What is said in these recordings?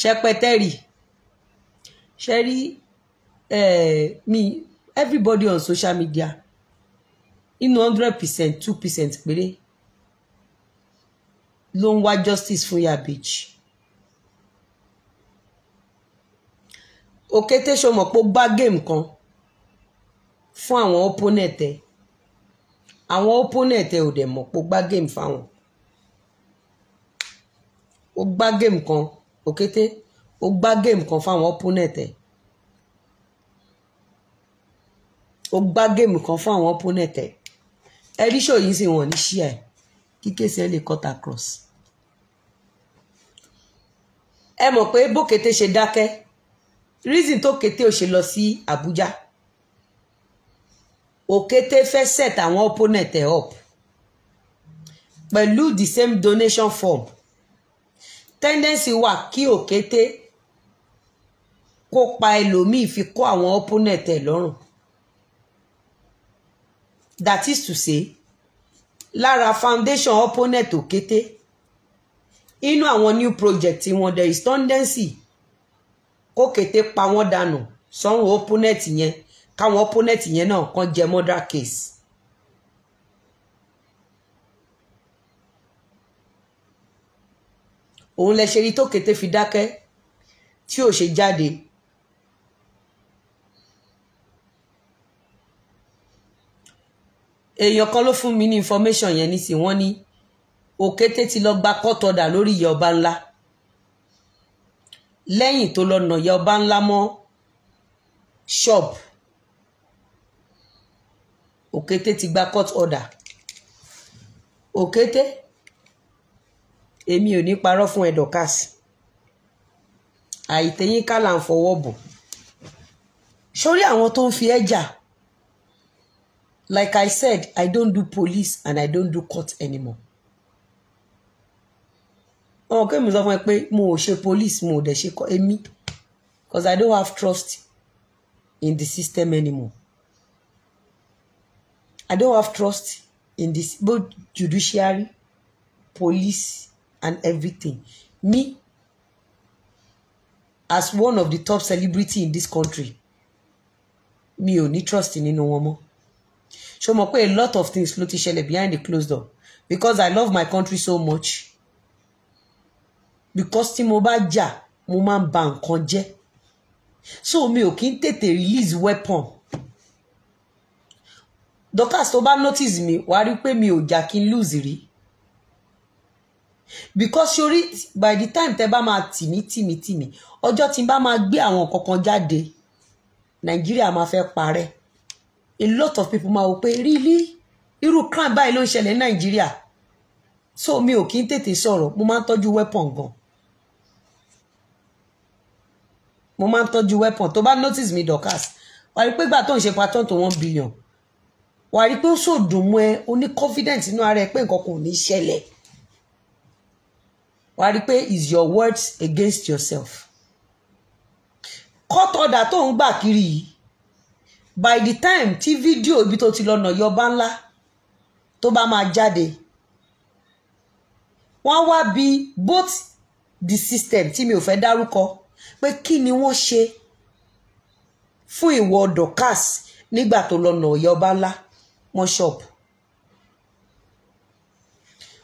ṣẹpẹtẹrì ṣe rí eh, mi everybody on social media inú hundred percent two percent péré ló ń wá justice fún Ìyábẹ̀jì òkété sọmọ pé ó gbá géèmù kan fún àwọn opponent ẹ àwọn opponent ẹ ò dẹ̀ mọ̀ pé ó gbá géèmù fáwọn ó gbá géèmù kan òkété ó gbá géèmù kan fáwọn opponent ẹ̀ ó gbá géèmù kan fáwọn opponent ẹ̀ ẹ̀rí ṣò yìí sì wọ́n ní ṣíà ẹ̀ kíkèsí ẹ̀ lè cut across. ẹ mọ̀ pé bókété ṣe dákẹ́ reason tó kété ò ṣe lọ sí Àbújá òkété fẹ́ set àwọn opponent ẹ̀ up pẹ̀lú the same donation form tendency wà kí òkété kó pa ẹlòmíì fi kó àwọn opponent ẹ̀ lọ́rùn that is to say lára foundation opponent òkété inú àwọn new project wọn there is tendency kó kété pa wọ́n dànù sọ́run opponent yẹn káwọn opponent yẹn náà kàn jẹ murder case òun lẹ ṣe rí tó kété fi dákẹ́ tí ò ṣe jáde. èèyàn kan ló fún mi ní information yẹn ní sí wọ́n ní òkété ti lọ gba kọ́tọ̀dà lórí ìyá ọba ńlá lẹ́yìn tó lọ nà ìyá ọba ńlá mọ́ ṣọ́ọ̀bù òkété ti gba court order òkété. Okay, èmi ò ní parọ́ fún ẹ Dorkas àìtẹ́yìn ká ń fọwọ́ bò sórí àwọn tó ń fi ẹ́ like I said I don't do police and I don't do court anymore ọ̀hún kí mi sọ fún ẹ pé mo ò ṣe police mo ò dẹ̀ ṣe èmi because I don't have trust in the system anymore I don't have trust in this both judiciary police and everything. Me, as one of the top celebrity in this country, mi ò ní trust nínú wọn mọ́. So o mọ̀ pé a lot of things ló ti ṣẹlẹ̀ behind the closed door because I love my country so much. Because tí mo bá jà, mo máa ba nǹkan jẹ́. So mi ò kí ń release weapon. Dokas tó bá notice mi, wàá rí pé mi ò jà kí lose rí because sori by the time tẹ bá máa tì mí tì mí tì mí ọjọ́ tí n bá máa gbé àwọn kankan jáde nàìjíríà máa fẹ́ parẹ́ a lot of people máa wò pé really irú crime báyìí ló ń ṣẹlẹ̀ ní nàìjíríà so mi ò kí ń tètè sọ̀rọ̀ mo máa ń tọ́jú weapon gan mo máa ń tọ́jú weapon tó bá notice mi dorcas wà á rí pé gbà tó ń ṣe patán tó wọ́n billion wà á rí pé ó sòdùn ẹ o ní confidence nínú ara ẹ pé nǹkan kò ní ṣẹlẹ̀ wà á rí i pé is your words against yourself court order tó ń gbà kiri yìí by the time tí fídíò ibi tó ti lọ́nà yọba ńlá tó bá máa jáde wọ́n wá bí both the system tí mi ò fẹ́ dárúkọ pé kí ni wọ́n ṣe fún ìwọ Dorkas nígbà tó lọ́nà ọ̀yọ́ ńlá wọ́n ṣọ̀pù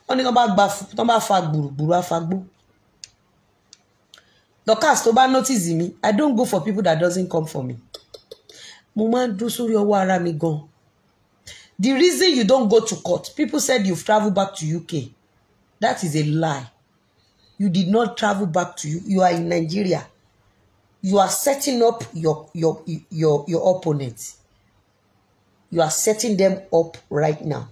wọ́n ní wọ́n bá gba wọ́n bá fa gbùrùgbùrù The cast, tó bá notice me. I don't go for people that doesn't come for me mo máa ọwọ́ ara mi gan the reason you don't go to court people said you've travelled back to UK that is a lie you did not travel back to you you are in Nigeria you are setting up your your your your opponent you are setting them up right now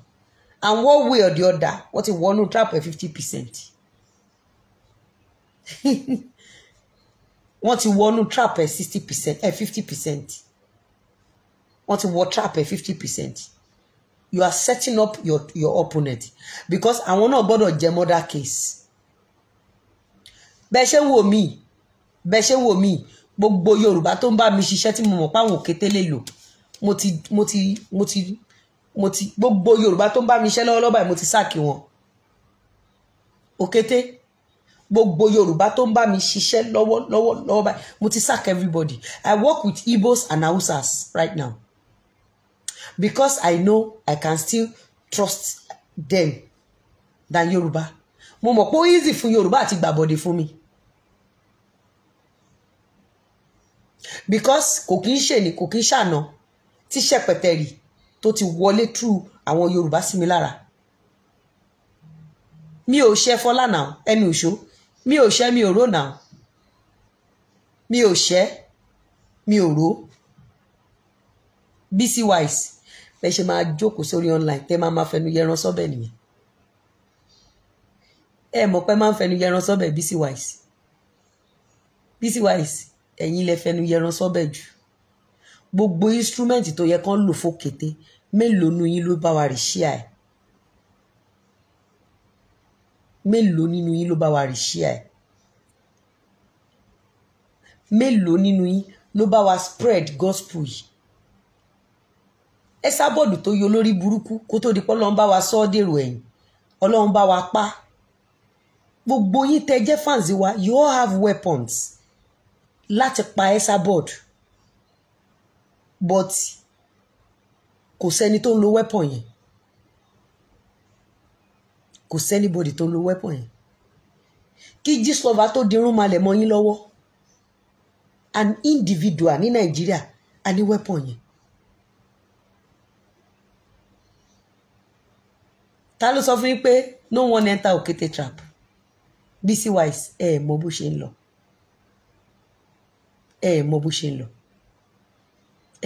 and one way or the other wọ́n ti wọnú trap a fifty percent What you want to trap a sixty percent A fifty percent What you want to trap a fifty percent you are setting up your your opponent because àwọn náà gbọ́dọ̀ jẹ́ murder case bẹ́ẹ̀ ṣe ń wò mí bẹ́ẹ̀ ṣe ń gbogbo Yorùbá tó ń bá mi ṣiṣẹ́ tí mo mọ̀ páwọn òkété lè lò mo mo ti mo ti. Mo ti mo ti gbogbo yorùbá tó ń bá mi iṣẹ́ lọ́wọ́lọ́wọ́ báyìí mo ti sáàkì wọn òkété gbogbo yorùbá tó ń bá mi ṣiṣẹ́ lọ́wọ́lọ́wọ́ lọ́wọ́ báyìí mo ti sack everybody i work with igbos and hausas right now because i know i can still trust them than yorùbá mo mọ̀ pé ó easy fún yorùbá àti gbàbọ̀dé fún mi because kò kí ń ṣe ni kò kí ń ṣàna tí ṣẹpẹtẹ tó ti wọlé through àwọn Yorùbá sí mi lára mi ò ṣe fọlá náà ẹni òṣó mi ò ṣe mi ò ró náà mi ò ṣe mi ò ró bc wise bẹ ṣe máa jókòó sórí online tẹ máa máa fẹnu yẹran sọbẹ nìyẹn ẹ mọ̀ pé máa ń fẹnu yẹran sọbẹ bc wise bc wise ẹ̀yin lẹ fẹnu yẹran sọbẹ jù gbogbo instrument tó yẹ kán lò fókété mélòó nínú yín ló bá wa rì ṣíà ẹ̀ mélòó nínú yín ló bá wa rì ṣíà ẹ̀ mélòó nínú yín ló bá wa spread gospel yìí ẹ sábọ̀dù tó yọ lórí burúkú kó tó di pé ọlọ́run bá wa sọ ọ́ dèrò ẹ̀yìn ọlọ́run bá wa pa gbogbo yín tẹ jẹ́ fans wa you all have weapons láti pa ẹ sábọ̀dù but kò sẹ́ni tó ń lo weapon yẹn kò sẹ́nibọ̀dì tó ń lo weapon yẹn kí Gistlover tó dirún malẹ̀ mọ́ yín lọ́wọ́ an individual ní Nàìjíríà a ní weapon yẹn ta ló sọ fún yín pé no one enter Okete trap Bisi Wise ẹ ẹ mọ bó ṣe ń lọ ẹ ẹ mọ bó ṣe ń lọ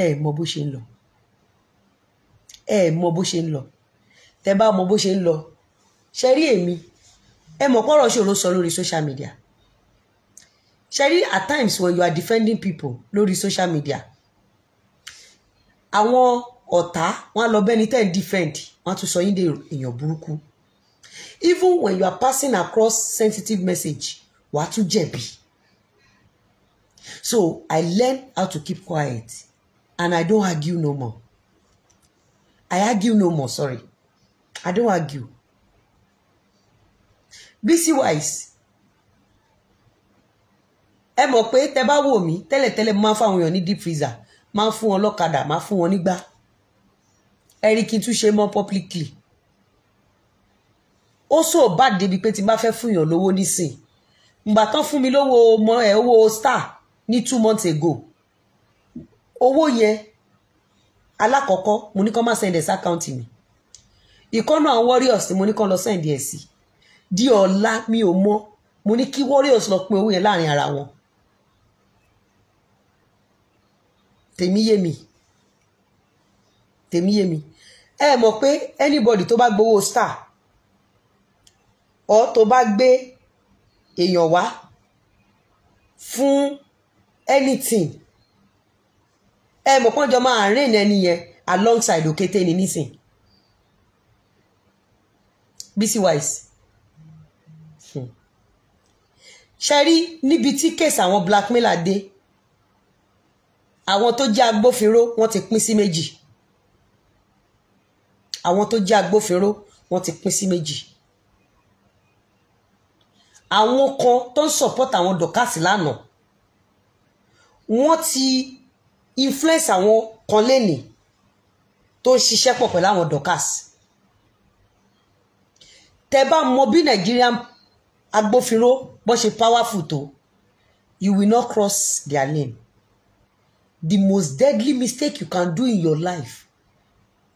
ẹ ẹ mọ bó ṣe ń lọ ẹ mọ bó ṣe ń lọ tẹ bá mọ bó ṣe ń lọ ṣe rí èmi ẹ mọ̀ pọ́rọ̀ ṣòro sọ lórí social media ṣe rí at times when you are defending people lórí social media àwọn ọ̀tá wọn lọ bẹ́ni tẹ́ ń defend wọn tún sọ yín dé èèyàn burúkú even when you are passing across sensitive message wàá tún jẹ̀bi so I learn how to keep quiet and I don't argue no more. I argue no more, sorry. I don't argue. Bísí Wise ẹ mọ̀ pé tẹ bá wò mí tẹ́lẹ̀tẹ́lẹ̀ máa ń fáwọn èèyàn ní deep freezer máa ń fún wọn lọ́kadà máa ń fún wọn nígbà ẹ rí kí n tún ṣe mọ́ publicly ó sọ bá débi pé tí n bá fẹ́ fún èèyàn lówó nísìn ìgbà tán fún mi lówó ọmọ ẹ̀ owó star ní two months ago owó yẹn alákọ̀ọ́kọ́ mo ní kán má send ẹ̀ sí mi ìkọ́nà àwọn warriors mo ní kán lọ send ẹ̀ sí di ọ̀la mi ò mọ̀ mo ní kí warriors lọ pín owó yẹn láàrin ara wọn tèmi yé mi tèmi yé mi ẹ mọ̀ pé anybody tó bá gbowó star ọ tó bá gbé èèyàn wá fún anything ẹ mọ̀ pọ́njọ́ máa rìn ẹni yẹn alongside òkété ni nísìn Bisi Wise hmm. ṣe rí níbi tí kéèsì àwọn blackmailer dé àwọn tó jẹ́ agbófinró wọ́n ti pín sí méjì àwọn tó jẹ́ agbófinró wọ́n ti pín sí méjì àwọn kan tó ń support àwọn dọ̀kásì lánàá wọ́n ti influence àwọn kan lẹ́nìí tó ń ṣiṣẹ́ pọ̀ pẹ̀lú àwọn Dorkas tẹ bá mọ bí Nigerian agbófinró bó ṣe powerful tó you will not cross their lane the most deadly mistake you can do in your life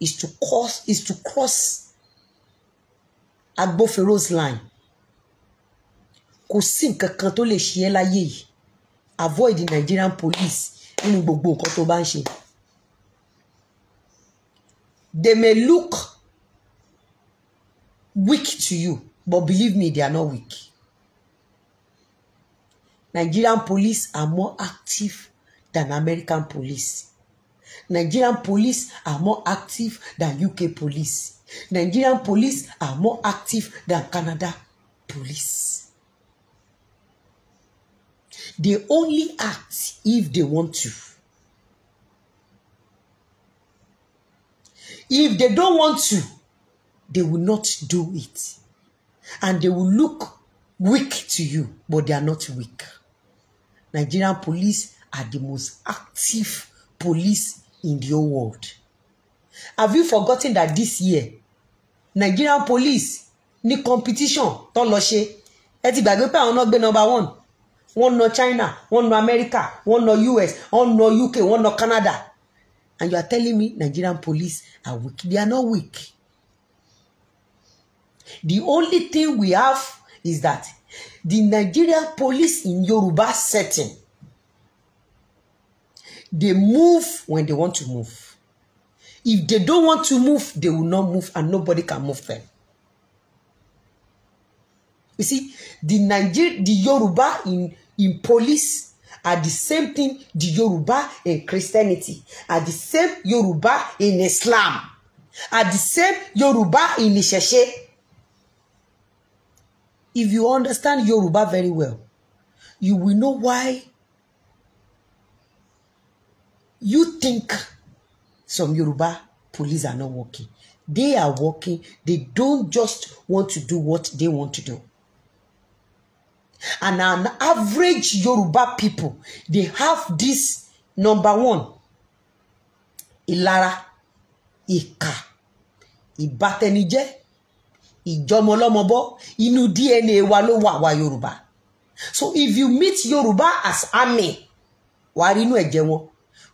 is to cross is to cross agbófinró's line kò sí nǹkan kan tó lè ṣe ẹ́ láyé yìí avoid the Nigerian police nínú gbogbo nǹkan tó bá ń ṣe they may look weak to you but believe me they are not weak Nigerian police are more active than American police Nigerian police are more active than UK police Nigerian police are more active than Canada police. They only act if they want to. If they don't want to, they will not do it. And they will look weak to you, but they are not weak. Nigerian police are the most active police in the whole world. Have you forgotten that this year, Nigerian police ní competition tó lọ ṣe ẹ ti gbàgbé number one One no China one no America one no US one no UK one no Canada and you are telling me Nigerian police are weak they are not weak the only thing we have is that the Nigerian police in Yoruba setting they move when they want to move if they don't want to move they will not move and nobody can move them you see the Niger the Yoruba in in police are the same thing the Yoruba in Christianity, are the same Yoruba in Islam, are the same Yoruba in Ìṣẹ̀ṣe. If you understand Yoruba very well, you will know why you think some Yoruba police are not working. They are working. They don't just want to do what they want to do. and an average Yoruba people they have this number one Ilara, Ika, Ibatenije, Ijomolomobo, Inu DNA wa ló wà wá Yorùbá so if you meet Yoruba as army wà á rí inú ẹ̀jẹ̀ wọn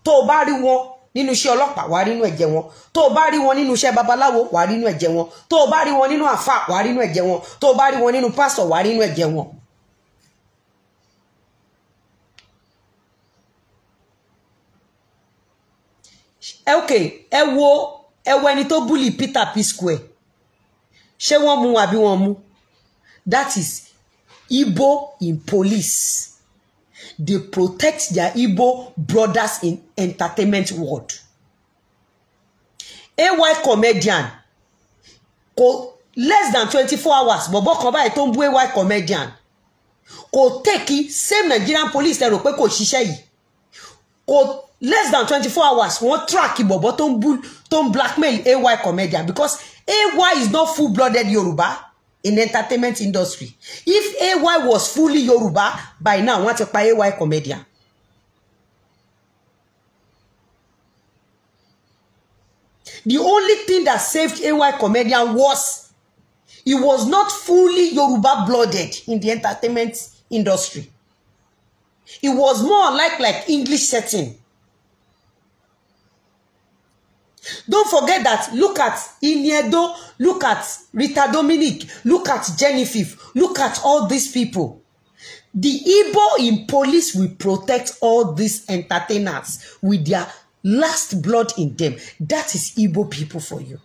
tó o bá rí wọn nínú iṣẹ́ ọlọ́pàá wà á rí inú ẹ̀jẹ̀ wọn tó o bá rí wọn nínú iṣẹ́ babaláwo wà á rí inú ẹ̀jẹ̀ wọn tó o bá rí wọn nínú àfà wà á rí inú ẹ̀jẹ̀ wọn tó o bá rí wọn nínú pásítọ̀ wà rí inú ẹ̀jẹ̀ wọn ok ẹ wo ẹ wo ẹni tó búlì Peter P Square ṣé wọ́n mú àbí wọ́n mú that is Igbo in police they protect their Igbo brothers in entertainment world ay comedian kò less than twenty four hours bọ̀bọ̀ kan báyìí tó ń bú ay comedian kò tẹ́kì same Nigerian police ẹ rò pé kò ṣiṣẹ́ yìí kò less than twenty four hours wọ́n track ìbọ̀bọ̀ tó ń bull tó ń blackmail ay comedian because ay is not full blooded Yoruba in entertainment industry if ay was fully Yoruba, by now wọ́n ti pa ay comedian. The only thing that saved ay comedian was he was not fully Yoruba blooded in the entertainment industry. It was more like like English setting. Don't forget that. Look at Iniedo. Look at Rita Dominic. Look at Jennifer. Look at all these people. The Igbo in police will protect all these entertainers with their last blood in them. That is Igbo people for you.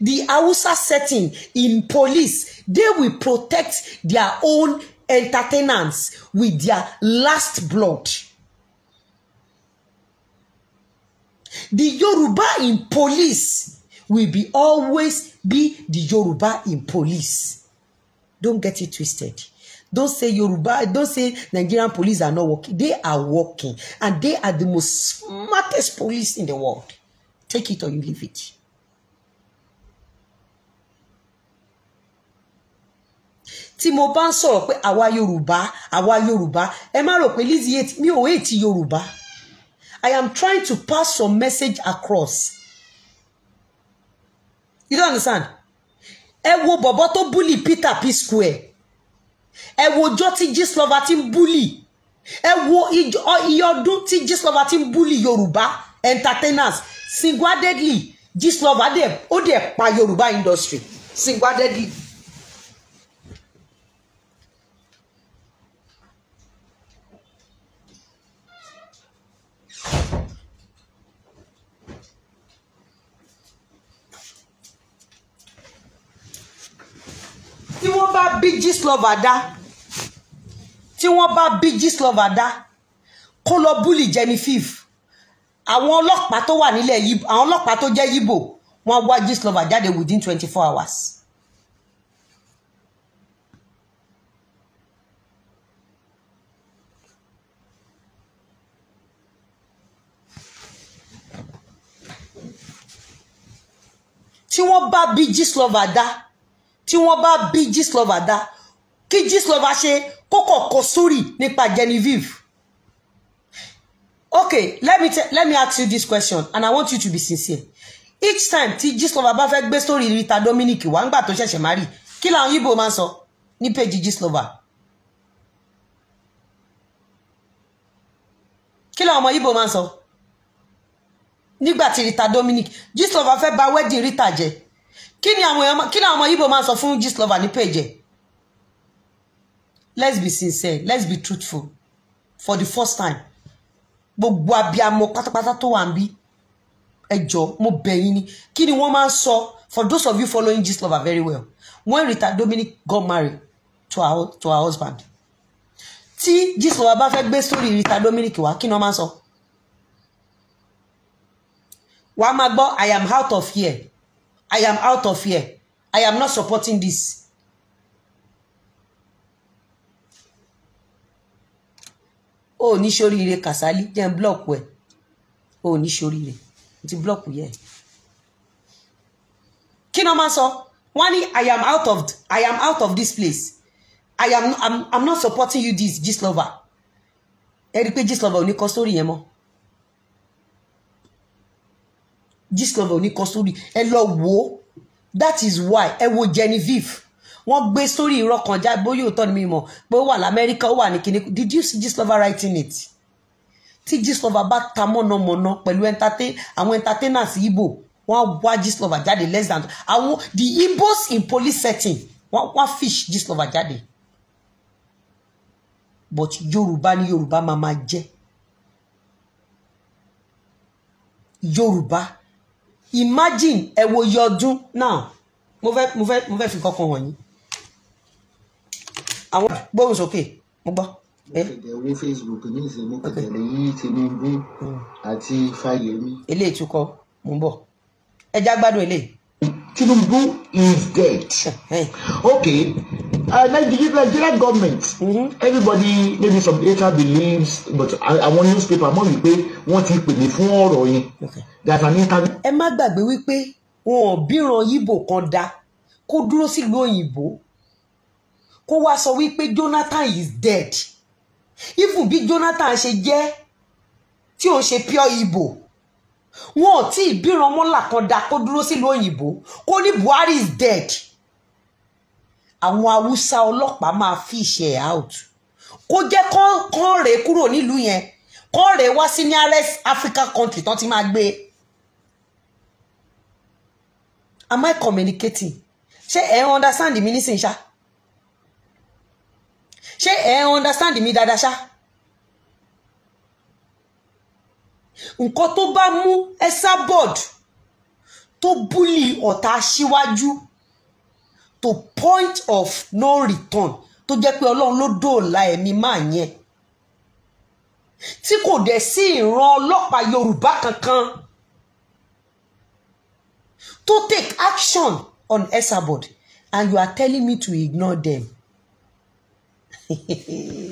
The Hausa setting in police, they will protect their own entertainers with their last blood. The Yoruba in police will be always be the Yoruba in police. Don't get it twisted. Don't say Yoruba, don't say Nigerian police are not working. They are working and they are the most smartest police in the world. Take it or you leave it. tí mo bá ń sọ̀rọ̀ pé àwa Yorùbá àwa Yorùbá ẹ má rò pé Lizzy mi ò èyí ti Yorùbá. I am trying to pass your message across. You don't understand? Ẹ wo bọ̀bọ̀ tó bully Peter P Square. Ẹ wo ọjọ́ tí Gistlover ti ń bully. Ẹ wo iye ọdún tí Gistlover ti ń bully Yorùbá entertainers. Single-handedly, Gistlover dẹ̀ ó dẹ̀ pa Yorùbá industry. Single-handedly. bá bí Gistlover dá tí wọ́n bá bí Gistlover dá kó lọ búlì Genevieve àwọn ọlọ́pàá tó wà nílẹ̀ yìí àwọn ọlọ́pàá tó jẹ́ yíbò wọ́n wá Gistlover jáde within twenty four hours. tí wọ́n bá bí Gistlover dá tí wọ́n bá bí Gistlover dá kí Gistlover ṣe kókò kọ sórí nípa Genevieve okay let me let me ask you this question and i want you to be sincere each time tí Gistlover bá fẹ́ gbé sórí Rita Dominic wá ńgbà tó ṣẹ̀ṣẹ̀ má rí kí làwọn yíbo máa ń sọ ní péjì Gistlover kí làwọn ọmọ yíbo máa ń sọ nígbà tí Rita Dominic Gistlover fẹ́ bà wedding Rita jẹ́ kí ni àwọn kí ni àwọn ọmọ Yíbò máa sọ fún gist lover ní page let's be sincere let's be truthful for the first time gbogbo abiyamọ pátápátá tó wà ń bí ẹjọ mo bẹ̀ yín ni kí ni wọ́n máa sọ for those of you following gist lover very well when Rita Dominic got married to her to her husband tí gist lover bá fẹ́ gbé sórí Rita Dominic wá kí ni wọ́n máa sọ wàá máa gbọ́ I am out of here I am out of here. I am not supporting this. Oh, ni shori ṣoríire kasali. jẹ́ ń blọ́ọ̀kù ẹ̀ o ò ní ṣoríire ti block we. kí ni wọ́n máa I am out of I am out of this place I am I'm, I'm not supporting you this This lover. rí i this lover. ò ní kọ sórí yẹn Gistlover ní kọ́sórí ẹ lọ wò ó that is why ẹ wo Genevieve wọ́n gbé sórí irọ́ kan já bóyá òótọ́ ni mi mọ̀ pé ó wà lamẹ́ríkà ó wà ní kíní did you see Gistlover writing it tí Gistlover bá ta mọ̀nàmọ̀nà pẹ̀lú àwọn entertainers Igbo wọ́n wá Gistlover jáde less than àwọn the Igbos in police setting wọ́n wá fish Gistlover jáde but Yorùbá ni Yorùbá máa máa jẹ́ Yorùbá imagine ẹ wo iye ọdún now mo fẹ́ mo fẹ́ mo fẹ́ fi kankan wọ̀nyí àwọn gbóhùn sókè mo gbọ́. ẹ̀wọ́ Facebook ní ìsinmi kẹtẹ̀lẹ́ yìí Tinubu hmm. àti Fáyemí. eléyìí tún kọ mo ń bọ̀ ẹ já gbádùn eléyìí. Tinubu is dead. okay, uh, Nigeria, Nigeria government, mm-hmm. everybody maybe some data believes but I want newspaper mọ̀ wípé wọ́n ti pè mí fún ọ̀rọ̀ Okay. that an interview. Emma, má gbàgbé wípé wọn ò bíran yíbò kan dá kó dúró sílùú òyìnbó kó wá sọ wípé Jonathan is dead if we bí Jonathan ṣe jẹ́ tí ò ń ṣe pure Igbo wọn ò tí ì bíran mọ́là kan da kó dúró sílùú òyìnbó kó ní Buhari is dead àwọn haúsá ọlọ́pàá máa fi ìṣe ẹ̀ out kó jẹ́ kán rè é kúrò nílùú yẹn kán rè wá sí nearest Africa country tán ti máa gbé am I communicating ṣé ẹ understand mi nísìnyí ṣá ṣé ẹ understand mi dáadáa ṣá. nǹkan tó bá mú Esabod tó búlì ọ̀tá síwájú to point of no return tó jẹ́ pé ọlọ́run ló dóòlà ẹ̀mí máa yẹn tí kò dẹ̀ sí ìran ọlọ́pàá Yorùbá kankan to take action on Esabod and you are telling me to ignore them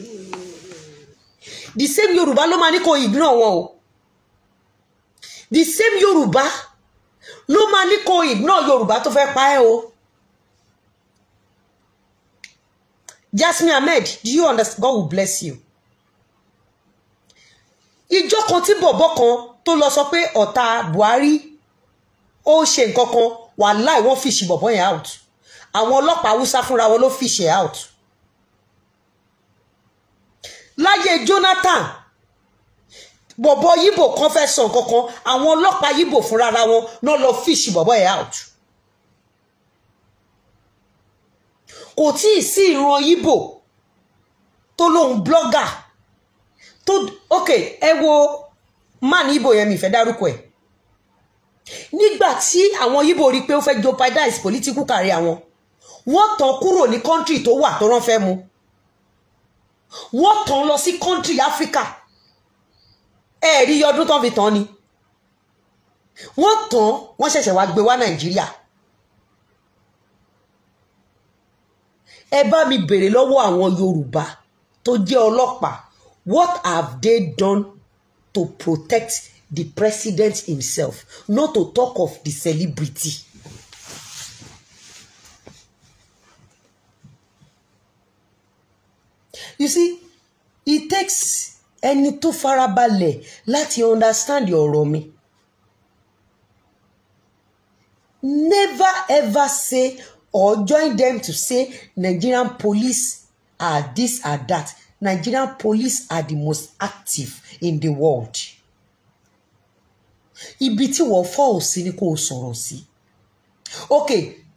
the same Yorùbá ló máa ní kó ignore wọn o the same Yoruba, ló máa ní kó ignore yorùbá tó fẹ́ pa ẹ́ o Jasmine Ahmed do you understand God will bless you ìjọ kan tí bọ̀bọ̀ kan tó lọ sọ pé ọ̀tá Buhari ó ṣe nǹkan kan wàláì wọ́n fìṣì bọ̀bọ̀ yẹn out àwọn ọlọ́pàá haúsá fúnra wọn ló fìṣì out láyé Jonathan bọ̀bọ̀ yíbò kan fẹ́ sọ kankan àwọn ọlọ́pàá yíbò fúnra wọn náà lọ fíṣì bọ̀bọ̀ ẹ̀ out kò tí ì sí ìran yíbò tó lóun blogger tó ok ẹ wo man ibo yẹn mi ìfẹ́ dárúkọ ẹ̀ nígbà tí àwọn yíbò rí i pé ó fẹ́ jeopardize political career àwọn wọ́n tàn kúrò ní kọ́ńtì tó wà tó rán fẹ́ mu wọ́n tàn lọ sí kọ́ńtì áfíríkà ẹ̀ẹ́rí ọdún tán fi tán ni wọ́n tán wọ́n ṣẹ̀ṣẹ̀ wá gbé wá nàìjíríà ẹ bá mi bèrè lọ́wọ́ àwọn yorùbá tó jẹ́ ọlọ́pàá what have they done to protect the president himself not to talk of the celebrity. you see it takes ẹni tó farabalẹ̀ láti understand ọ̀rọ̀ mi. Never ever say or join them to say Nigerian police are this are that. Nigerian police are the most active in the world. Ibi tí wọ́n fọ́ ò sí ni kò sọ̀rọ̀ sí. Ok,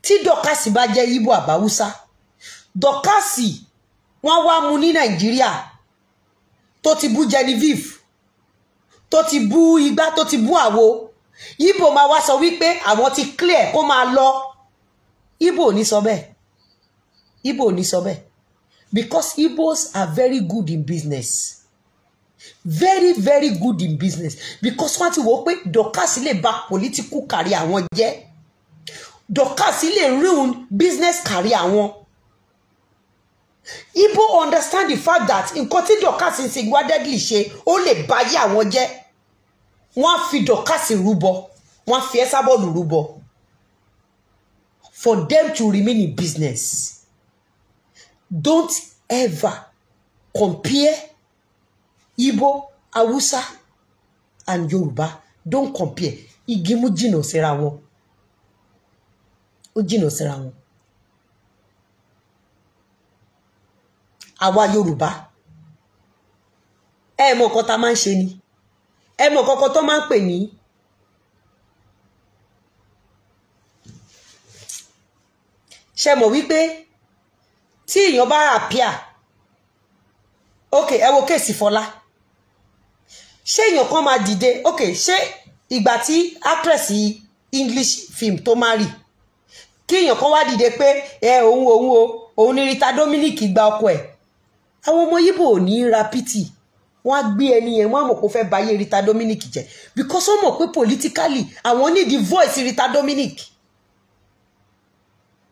tí dọ́kàsì bá jẹ́ Igbo àbáwúsá, dọ́kàsì wọ́n wá mu ní Nàìjíríà tó ti bú Genevieve tó ti bú igbá tó ti bú àwo ibo máa wá sọ wípé àwọn ti clear kó máa lọ ibo ò ní sọ bẹ́ẹ̀ ibo ò ní sọ bẹ́ẹ̀ because Igbos are very good in business very very good in business because wọ́n ti wò ó pé Dorkas lè bà political career àwọn jẹ́ Dorkas lè ruin business career àwọn. Igbo understand the fact that nǹkan tí Dorcas ń sin Igwadedli ṣe ó lè báyé àwọn jẹ́ wọ́n á fi Dorcas rúbọ wọ́n á fi Esabod rúbọ for them to remain in business don't ever compare ibo awusa and yoruba don't compare igi mú jìnnà síra wọn ó jìnnà síra wọn. àwa yorùbá ẹ mọ nǹkan tá a máa ń ṣe ni ẹ mọ nǹkan tó máa ń pè ní. ṣe mọ̀ wípé tí èèyàn bá àpíà ok ẹ kéèsì fọlá ṣé èèyàn kan máa dìde ok ṣé ìgbà tí actress english film tó máa rì kí èèyàn kan wá dìde pé ẹ òun òun o òun ni Rita Dominic gba ọkọ ẹ̀ àwọn ọmọ yìí bò ní ra pity wọ́n á gbé ẹni yẹn wọ́n á mọ̀ pé ó fẹ́ bà Rita Dominic jẹ́ because wọ́n mọ̀ pé politically àwọn need the voice Rita Dominic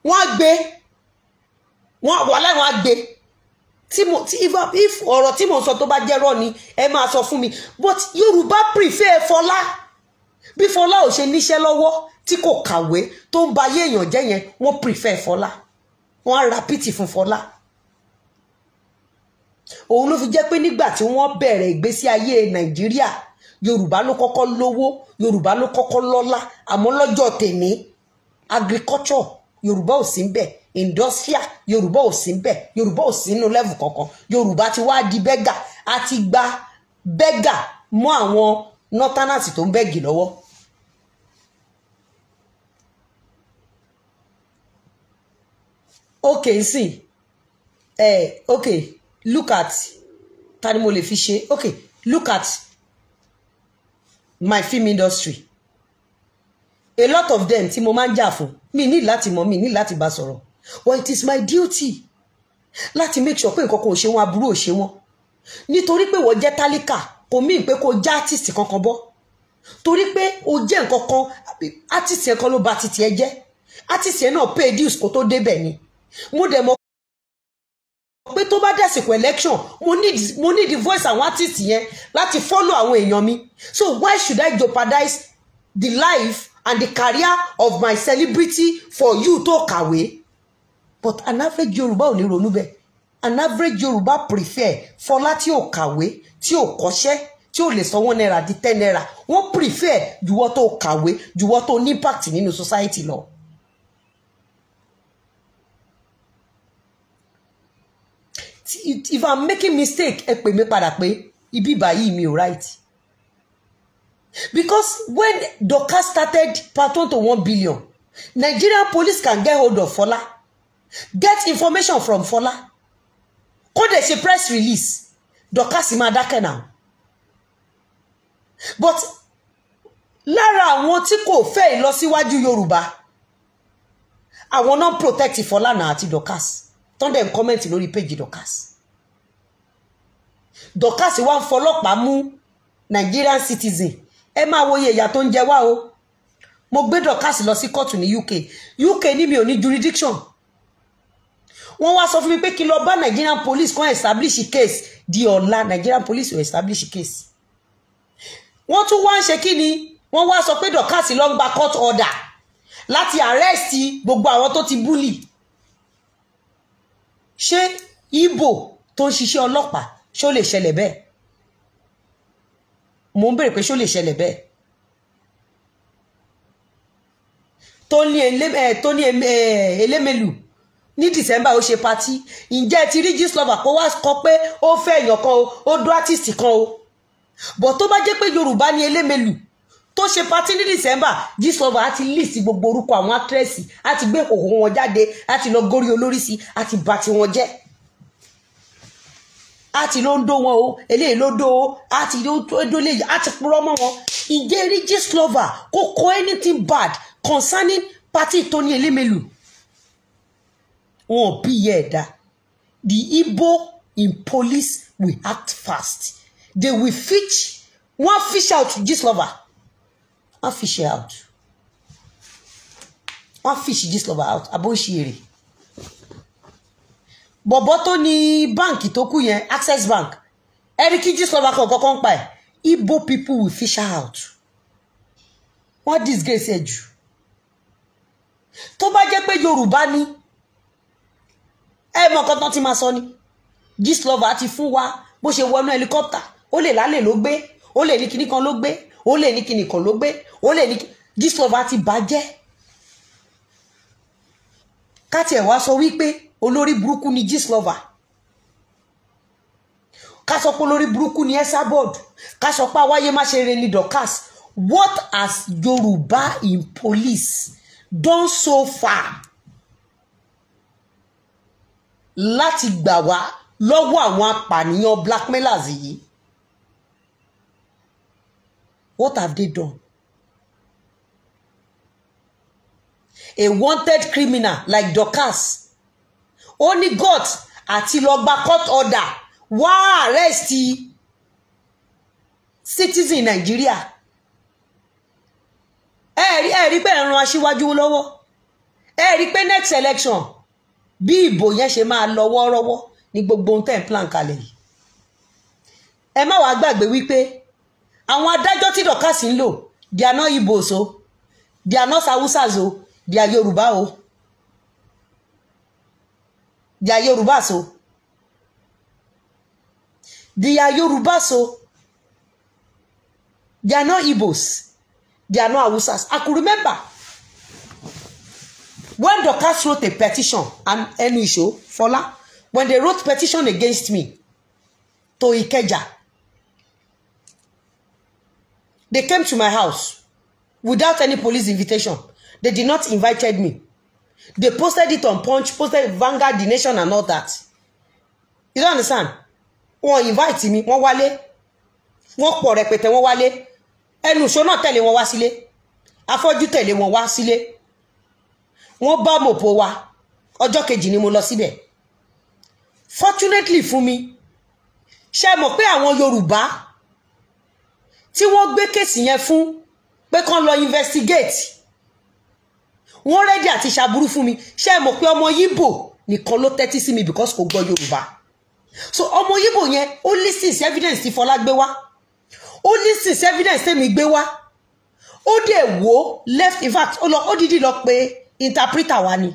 wọ́n á gbé wọ́n wà láì wọ́n á gbé tí mo tí if ọ̀rọ̀ tí mo sọ tó bá jẹ́ rọ́ ni ẹ máa sọ fún mi but Yorùbá prefer Fọlá bí Fọlá ò ṣe níṣẹ́ lọ́wọ́ tí kò kàwé tó ń bà ayé èèyàn jẹ́ yẹn wọ́n prefer Fọlá wọ́n á ra pity fún Fọlá òun ló fi jẹ́ pé nígbà tí wọ́n bẹ̀rẹ̀ ìgbésí ayé nàìjíríà yorùbá ló kọ́kọ́ lówó yorùbá ló kọ́kọ́ lọ́lá àmọ́ lọ́jọ́ tèmi agriculture yorùbá ò sí ń bẹ̀ industria yorùbá ò sí ń yorùbá ò sí nínú level kankan yorùbá ti wá di bẹ́gà a ti gba bẹ́gà mọ́ àwọn northerners tó ń bẹ́gì lọ́wọ́. okay sí ẹ eh, okay look at ta ni mo lè fi ṣe okay look at my film industry a lot of them tí mo máa ń jà fún mi ni lati mọ̀ mi ní láti bá sọ̀rọ̀ well it is my duty Lati make sure pé nǹkan kan ò ṣe wọn aburú ò ṣe wọn nítorí pé wọ́n jẹ́ tálíkà kò mí pé kò já artist kankan bọ́ torí pé o jẹ́ nǹkan artist yẹn kan ló ba titi ẹ jẹ́ artist yẹn náà pay dues kó tó débẹ̀ ni mo dẹ̀ mọ̀ pé tó bá dẹ̀sìnkú election mo need mo need the voice àwọn artist yẹn láti follow àwọn èèyàn mi so why should I jeopardize the life and the career of my celebrity for you tó kàwé but an average Yorùbá ò lè ronú bẹ́ẹ̀ an average Yorùbá prefer Fọlá tí ò kàwé tí ò kọ́ṣẹ́ tí ò lè sanwó náírà di ten naira wọ́n prefer jùwọ́ tó kàwé jùwọ́ tó ní impact nínú society lọ. No if i'm making mistake ẹ pè mí padà pé ibi báyìí mi ò right because when Doka started part one to one billion Nigerian police can get hold of Fola get information from Fola kó dẹ̀ ṣe press release Dorkas máa dákẹ́ now. but lára àwọn tí kò fẹ́ ìlọsíwájú Yorùbá àwọn náà protect Fọlá náà àti Dorkas tán dẹ̀ ń kọ́mẹ́ǹtì lórí péjì Dorkas Dorkas wá ń fọlọ́pàá mú Nigerian citizen ẹ máa wo iye ìyà tó ń jẹ wá o mo gbé Dorkas lọ sí kóòtù ní UK UK ní mi ò ní jurisdiction wọ́n wá sọ fún mi pé kí n lọ bá Nigerian police kan establish case di ọ̀la Nigerian police ò establish case wọ́n tún wá ń ṣe kí ni wọ́n wá sọ pé Dorkas ló gba court order láti arrest gbogbo àwọn tó ti bully ṣé ibo tó ń ṣiṣẹ́ ọlọ́pàá ṣó lè ṣẹlẹ̀ bẹ́ẹ̀ mò ń béèrè pé ṣó lè ṣẹlẹ̀ bẹ́ẹ̀ tó ní elémèlú ní december ó ṣe patí ǹjẹ́ ti rí Gistlover kó wá kọ pé ó fẹ́ èèyàn kan o ó dó artist kan o bọ̀ tó bá jẹ́ pé yorùbá ní elémèlú tó ṣe patí ní december gislover àti list gbogbo orúkọ àwọn actress àti gbé òhò wọn jáde àti lọ gorí olórí sí àti bà tí wọn jẹ́ àti ló ń dó wọn o eléyìí ló dó o àti ló dó léyìí àti purọ́ mọ́ wọn ìjẹ́rí gislover kò kọ anything bad concerning party Tony Elumelu wọn bí yẹ ẹ̀dá the Igbo in police will act fast they will fish one fish out gislover wọ́n fish out wọ́n fish this lover out abó ń ṣe èrè bọ̀bọ̀ tó ní báǹkì tó kù yẹn access bank ẹ̀rí kí this lover kan kọ́kọ́ ń pa ẹ̀ Igbo people will fish out wọ́n disgrace ẹ̀ jù tó bá jẹ́ pé Yorùbá ni ẹ mọ̀ nǹkan tán ti máa sọ ni this lover ti fún wa bó ṣe wọnú helicopter ó lè lálẹ́ ló gbé ó lè ní kinní kan ló gbé ó lè ní kíni kan ló gbé ó lè ní gíslọ́ba ti bàjẹ́ káti ẹ̀ wá sọ wípé olórí burúkú ni gíslọ́ba ká sọ pé olórí burúkú ni Esabod ká sọ pé àwáyé má ṣe reni Dorkas what has Yorùbá in police done so far láti gbà wá lọ́wọ́ àwọn apànìyàn blackmailers yìí What have they done? A wanted criminal like Dorcas only got àti lọ court order Why arrest citizen Nigeria Eh, eh, ẹ rí pé ẹran aṣíwájú lọ́wọ́ ẹ next election bí ìbò yẹn ṣe máa lọ wọ́ọ́rọ́wọ́ ní gbogbo ohun tẹ̀ plan kalẹ̀ yìí ẹ má wàá gbàgbé àwọn adájọ́ tí dọ̀kásì ń lò they are not Igbos o they are not Hausas o they are Yorùbá o they are Yorùbás o they are Yorùbás o they are not Igbos they are not Hausas I could remember when Dorcas wrote a petition and Enu Iso Fola when they wrote petition against me to Ikeja They came to my house without any police invitation. They did not invited me. They posted it on Punch, posted Vanguard, The Nation, and all that. You don't understand? Wọ́n invite mi, wọ́n wálé. Wọ́n pọ̀ rẹpẹtẹ, wọ́n wale. Ẹnu ìṣó náà tẹ̀lé wọn wá sílé. Afọ́jú tẹ̀lé wọn wá sílé. Wọ́n bá mòpó wa. Ọjọ́ kejì ni mo lọ síbẹ̀. Fortunately fún mi, ṣe mọ̀ pé àwọn Yorùbá tí wọ́n gbé kéèsì yẹn fún pé kán lọ investigate wọ́n rẹ́dí àti ṣàbúrú fún mi ṣé ẹ mọ̀ pé ọmọ yíbò nìkan ló tẹ́tí sí mi because kò gbọ́ yorùbá so ọmọ yíbò yẹn ó listen sí evidence tí fọlá gbé wá ó listen sí evidence tèmi gbé wá ó dẹ̀ wò left in fact ó lọ ó dídí lọ pé interpreter wa ni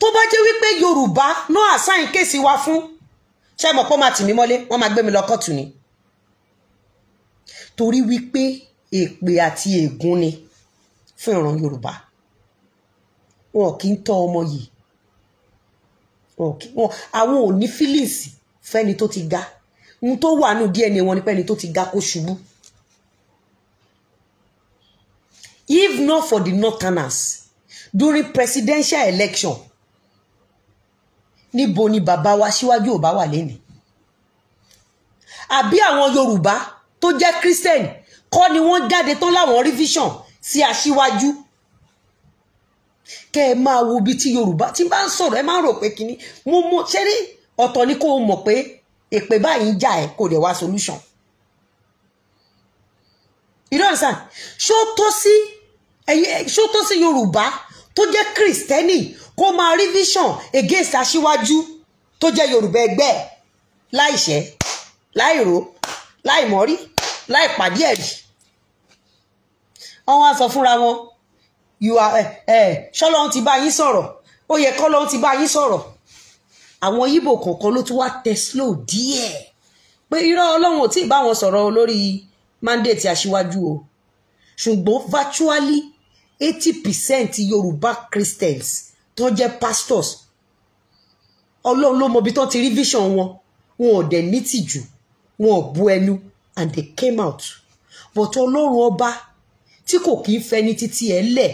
tó bá jẹ́ wípé yorùbá náà assign kéèsì wa fún ṣé ẹ mọ̀ pé ó máa tì mí mọ́lé wọ́n máa gbé mi lọ kọ́ọ̀tù ni torí wípé èpè àti ègún ni fún ìran yorùbá wọn kì í tọ́ ọmọ yìí àwọn ò ní feelings fẹ́ni tó ti ga ohun tó wà nù DNA wọn ni pẹ́ni tó ti ga kó ṣubú if not for the northerners during presidential election níbo ni bàbá wa síwájú ò bá wà lẹ́nìí àbí àwọn yorùbá tó jẹ́ christian kọ́ ni wọ́n jáde tán láwọn rí vision sí aṣíwájú kẹ́ ẹ máa wo ibi tí yorùbá tí bá ń sọ̀rọ̀ ẹ máa rò pé kínní mo mọ ṣé rí ọ̀tọ̀ ni kó mọ̀ pé èpè báyìí ń jà ẹ kò dẹ̀ wá solution you don't understand ṣó tó sí ṣó tó sí yorùbá tó jẹ́ kristẹni kó máa rí vision against aṣíwájú tó jẹ́ yorùbá ẹgbẹ́ láìṣẹ́ láìró láìmọ́rí láì pàdé ẹ̀rí wọ́n wá sọ fúnra wọn eh, eh, ṣọ́lọ́hún ti bá yín sọ̀rọ̀ ó yẹ kọ́lọ́hún ti bá yín sọ̀rọ̀ àwọn Yíbò kọ̀ọ̀kan ló tún wá tẹ̀ slow díẹ̀ pé irọ́ Ọlọ́run ò tí ì bá wọn sọ̀rọ̀ lórí mandate aṣíwájú o ṣùgbọ́n virtually eighty percent Yorùbá Christians tó jẹ́ pastors Ọlọ́run ló mọ ibi tó ti rí vision wọn wọn ò dẹ̀ nítìjú wọn ò bu ẹnu and they came out but ọlọ́run ọba tí kò kí ń fẹni títí ẹ̀ lẹ̀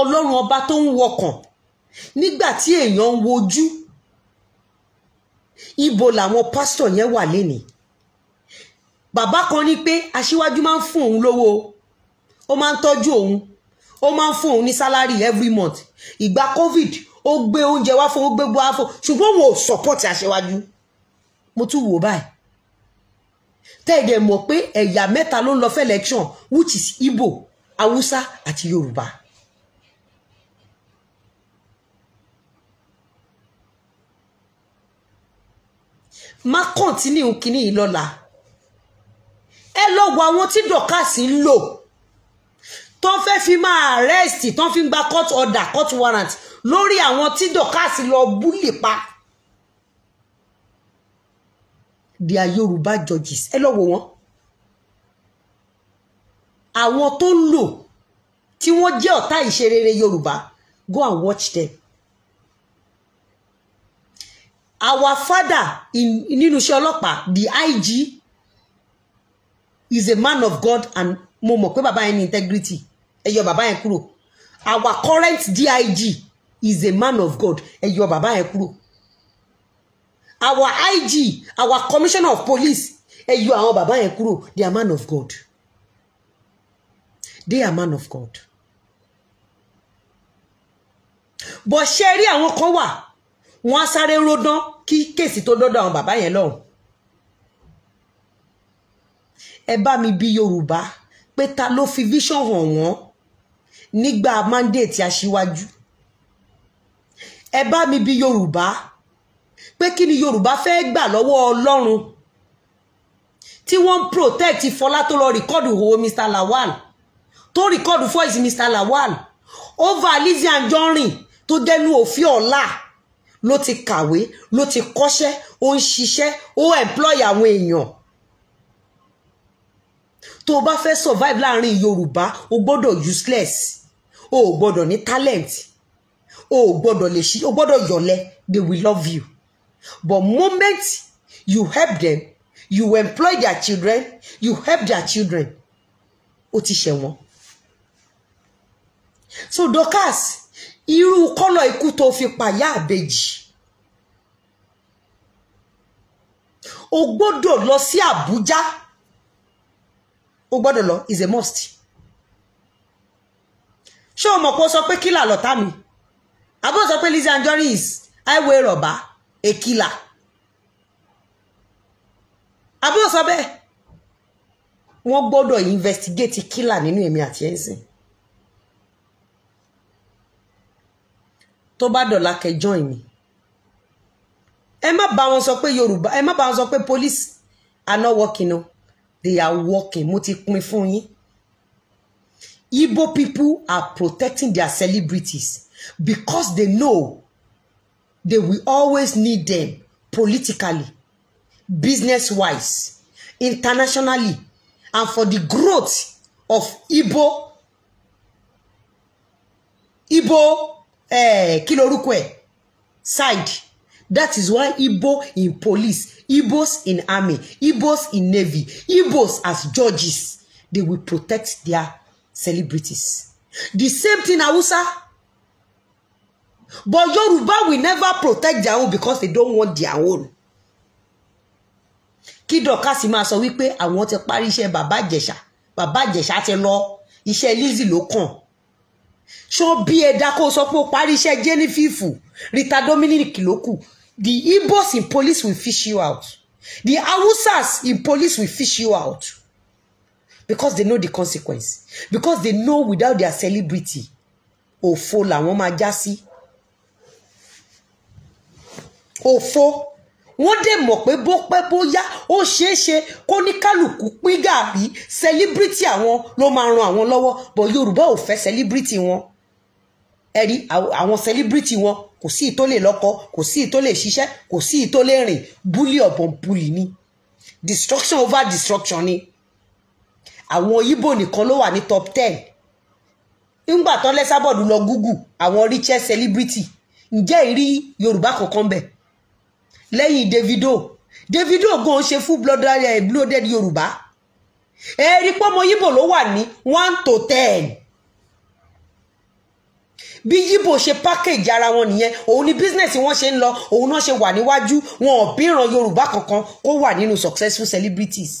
ọlọ́run ọba tó ń wọkàn nígbà tí èèyàn ń wojú ibo làwọn pásítọ̀ yẹn wà lénìí bàbá kan ní pé aṣíwájú máa ń fún òun lówó ó máa ń tọ́jú òun ó máa ń fún òun ní sálárì every month ìgbà covid ó gbé oúnjẹ wá fún ó gbé gbọ́ wá fún ṣùgbọ́n òun ò support aṣíwájú mo tún wò báyìí tẹ́ẹ̀dẹ̀ mọ̀ pé ẹ̀yà mẹ́ta ló ń lọ fẹ́ election which is Ibo, Haúsá àti Yorùbá. má kọ́ntínú kínní yìí lọ́la ẹ lọ wo àwọn tí dọ̀kásì ń lò tó fẹ́ fi máa arrest tó fi ń gba court order court warrant lórí àwọn tí dọ̀kásì lọ búlì pa Their Yoruba judges ẹ lọ wò wọ́n àwọn tó ń lò tí wọ́n jẹ́ ọ̀tá ìṣerere Yorùbá go and watch them our father nínú iṣẹ́ ọlọ́pàá the IG is a man of God and mo mọ̀ pé bàbá yẹn ní integrity ẹ yọ bàbá yẹn kúrò our current DIG is a man of God ẹ yọ bàbá yẹn kúrò our IG our commissioner of police ẹ yọ àwọn bàbá yẹn kúrò they are man of God they are man of God But ṣe rí àwọn kan wà wọ́n á sáré ródán kí kéèsì tó dọ́dọ̀ àwọn bàbá yẹn lọ́rùn ẹ bá mi bí Yorùbá pé ta ló fi vision hàn wọ́n nígbà mandate aṣíwájú ẹ bá mi bí Yorùbá pé kí ni Yorùbá fẹ́ gbà lọ́wọ́ Ọlọ́run tí wọ́n ń protect Fọlá tó lọ rìkọ́dù owó Mr Lawal tó rìkọ́dù voice Mr Lawal over Lizzie Anjorin tó dẹnu òfin ọ̀la ló ti kàwé ló ti kọ́ṣẹ́ ó ń ṣiṣẹ́ ó employ àwọn èèyàn tó o bá fẹ́ survive láàrin Yorùbá o gbọ́dọ̀ useless o gbọ́dọ̀ ní talent o gbọ́dọ̀ lè ṣí o gbọ́dọ̀ yọ̀lẹ they will love you but moment you help them you employ their children you help their children ó ti ṣẹ̀ wọ́n. so Dorcas irú kọ́lọ̀ ikú tó fi pàyà àbèjì o gbọ́dọ̀ lọ sí Àbújá o gbọ́dọ̀ lọ is a must ṣé o mọ̀ pé o sọ pé kí làlọ́ta mi àbúrò sọ pé Lizzy Anjorin is highway robber a killer àbúrò sọ bẹ́ẹ̀ wọ́n gbọ́dọ̀ investigate killer nínú èmi àti ẹ̀sìn tó bá dọ̀la kẹ́ join mi ẹ má bá wọn sọ pé Yorùbá ẹ má bá wọn sọ pé police are not working o they are working mo ti pin fún yín Igbo people are protecting their celebrities because they know they will always need them politically, business-wise, internationally, and for the growth of Igbo, Igbo, eh, kí side. That is why Igbo in police, Igbos in army, Igbos in navy, Igbos as judges, they will protect their celebrities. The same thing Hausa. But Yoruba will never protect their own because they don't want their own. Kido kasi máa sọ wípé àwọn ti parí iṣẹ́ bàbá Ìjẹ̀ṣà bàbá Ìjẹ̀ṣà ti lọ iṣẹ́ Lizzy ló kàn. Ṣó bí ẹ̀dá kó sọ pé ó parí Rita Dominic ló The Igbos in police will fish you out. The Hausas in police will fish you out. Because they know the consequence. Because they know without their celebrity, Ofo làwọn máa já sí òfo wọ́n dẹ̀ mọ̀ pé bó pẹ́ bó yá ó ṣeé ṣe kó ní kálukú pín gàrí sẹlíbírítì àwọn ló máa ran àwọn lọ́wọ́ bọ̀ Yorùbá ò fẹ́ sẹlíbírítì wọn ẹ̀rí àwọn sẹlíbírítì wọn kò sí ìtó lè lọ́kọ kò sí ìtó lè ṣiṣẹ́ kò sí ìtó lè rìn búlì ọ̀bọ̀n búlì ni destruction over destruction ni àwọn Ìgbò nìkan ló wà ní top ten ńgbà tán lẹ́sàbọ̀dù lọ Google àwọn richest celebrity ǹjẹ́ ìrí Yorùbá kankan bẹ́ẹ̀ lẹ́yìn Davido Davido gan ṣe full blood eh, blooded Yorùbá ẹ̀rí pọ́mọ yíbò ló wà ní one to ten bí yíbò ṣe package ara wọn nìyẹn òun ni business wọn ṣe ń lọ òun náà ṣe wà níwájú wọn ò bíran Yorùbá kankan kó wà nínú successful celebrities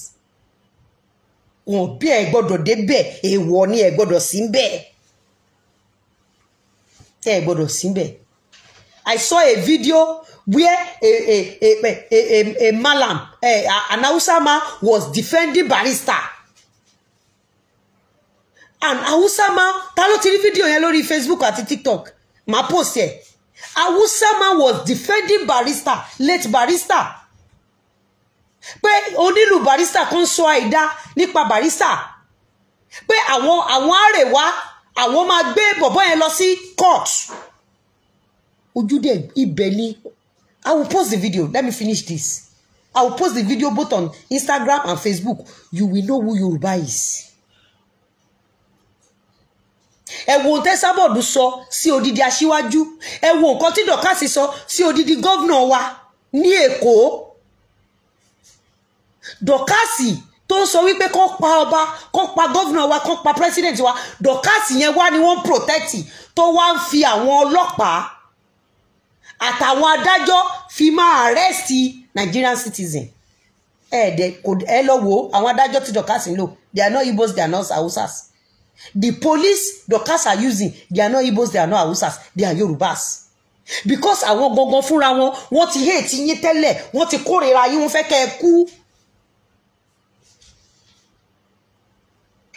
wọn bí ẹ gbọ́dọ̀ débẹ̀ èèwọ̀ ni ẹ gbọ́dọ̀ sí bẹ́ẹ̀ ẹ gbọ́dọ̀ sí bẹ́ẹ̀ I saw a video where a a a a, a, a malam eh, a, an Hausa was defending barrister and Hausa man ta ló ti rí Facebook ati TikTok màá post e Hausa man was defending barrister late barrister pé onílù barrister kon sọ àìdá nipa barrister pé àwọn àwọn àrèwá àwọn máa gbé bọ̀bọ́ yẹn lọ sí court ojú dẹ̀ ni I will post the video. Let me finish this. I will post the video both on Instagram and Facebook. You will know who Yoruba is. ẹ wo ohun tẹ́sábọ̀dù sọ sí odidi aṣíwájú ẹ wo nǹkan tí dọ̀kásì sọ sí odidi governor wa ni eko dokasi to so sọ wípé kó pa ọba kó pa governor wa kó pa president wa dọ̀kásì yẹn wa ni wọ́n ń protect tó wá ń fi àwọn ọlọ́pàá àtàwọn adájọ́ fi máa àrẹ́sì Nigerian citizen ẹ̀ẹ́dẹ̀ kò ẹ lọ wo àwọn adájọ́ tí dọ̀kásì ń lò they are not Igbos they are not Hausas the police dọ̀kásì are using they are not Igbos they are not Hausas they are Yorubas. because àwọn gangan fúnra wọn wọ́n ti hate yín tẹ́lẹ̀ wọ́n ti kórìíra yín wọ́n fẹ́ kẹ́ ẹ kú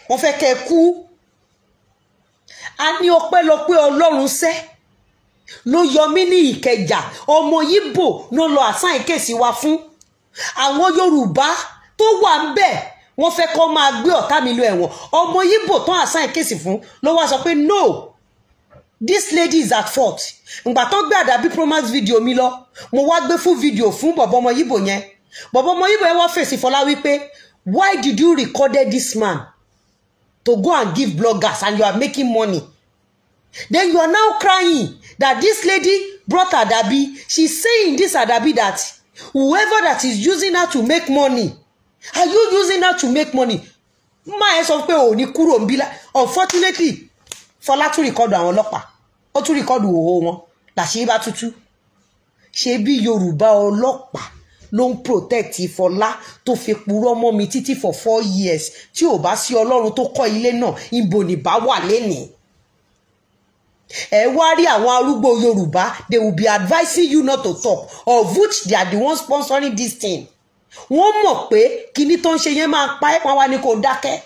wọ́n fẹ́ kẹ́ ẹ kú a ní ọpẹ́ lọ pé Ọlọ́run sẹ́ẹ́ ló yọ mí ní ìkẹjà ọmọ yíbò ló lọ àsán ìkẹsì wa fún àwọn yorùbá tó wà ń bẹ wọ́n fẹ́ kó máa gbé ọ̀tá mi lọ ẹ̀wọ̀n ọmọ yíbò tán àsán ìkẹsì fún ló wá sọ pé no this lady is at fault ngbà tó gbé àdàbí promise video mi lọ mo wá gbé fún video fún bọ̀bọ̀ ọmọ yíbò yẹn bọ̀bọ̀ ọmọ yíbò yẹn wá fèsì fọlá wípé why did you record this man to go and give bloggers and you are making money Then you are now crying that this lady brought Adabi. She's saying this Adabi that whoever that is using her to make money, are you using her to make money? Má ẹ sọ pé ò ní kúrò ń bí la. Unfortunately, Fọlá tún rìkọ́dù àwọn ọlọ́pàá. Ó tún rìkọ́dù òwò wọn. Làṣírí bá tútú. Ṣé bí Yorùbá ọlọ́pàá ló ń protect Fọlá tó fi purọ́ mọ́ mi títí for four years tí ò bá sí Ọlọ́run tó kọ́ ilé náà ibo nìbá wà lénìí ẹ wá rí àwọn arúgbó yorùbá they will be advising you not to talk of which they are the ones sponsoring this thing wọ́n mọ̀ pé kinní tó ń ṣe yẹn máa pa ẹ́ pa wá ní kó dákẹ́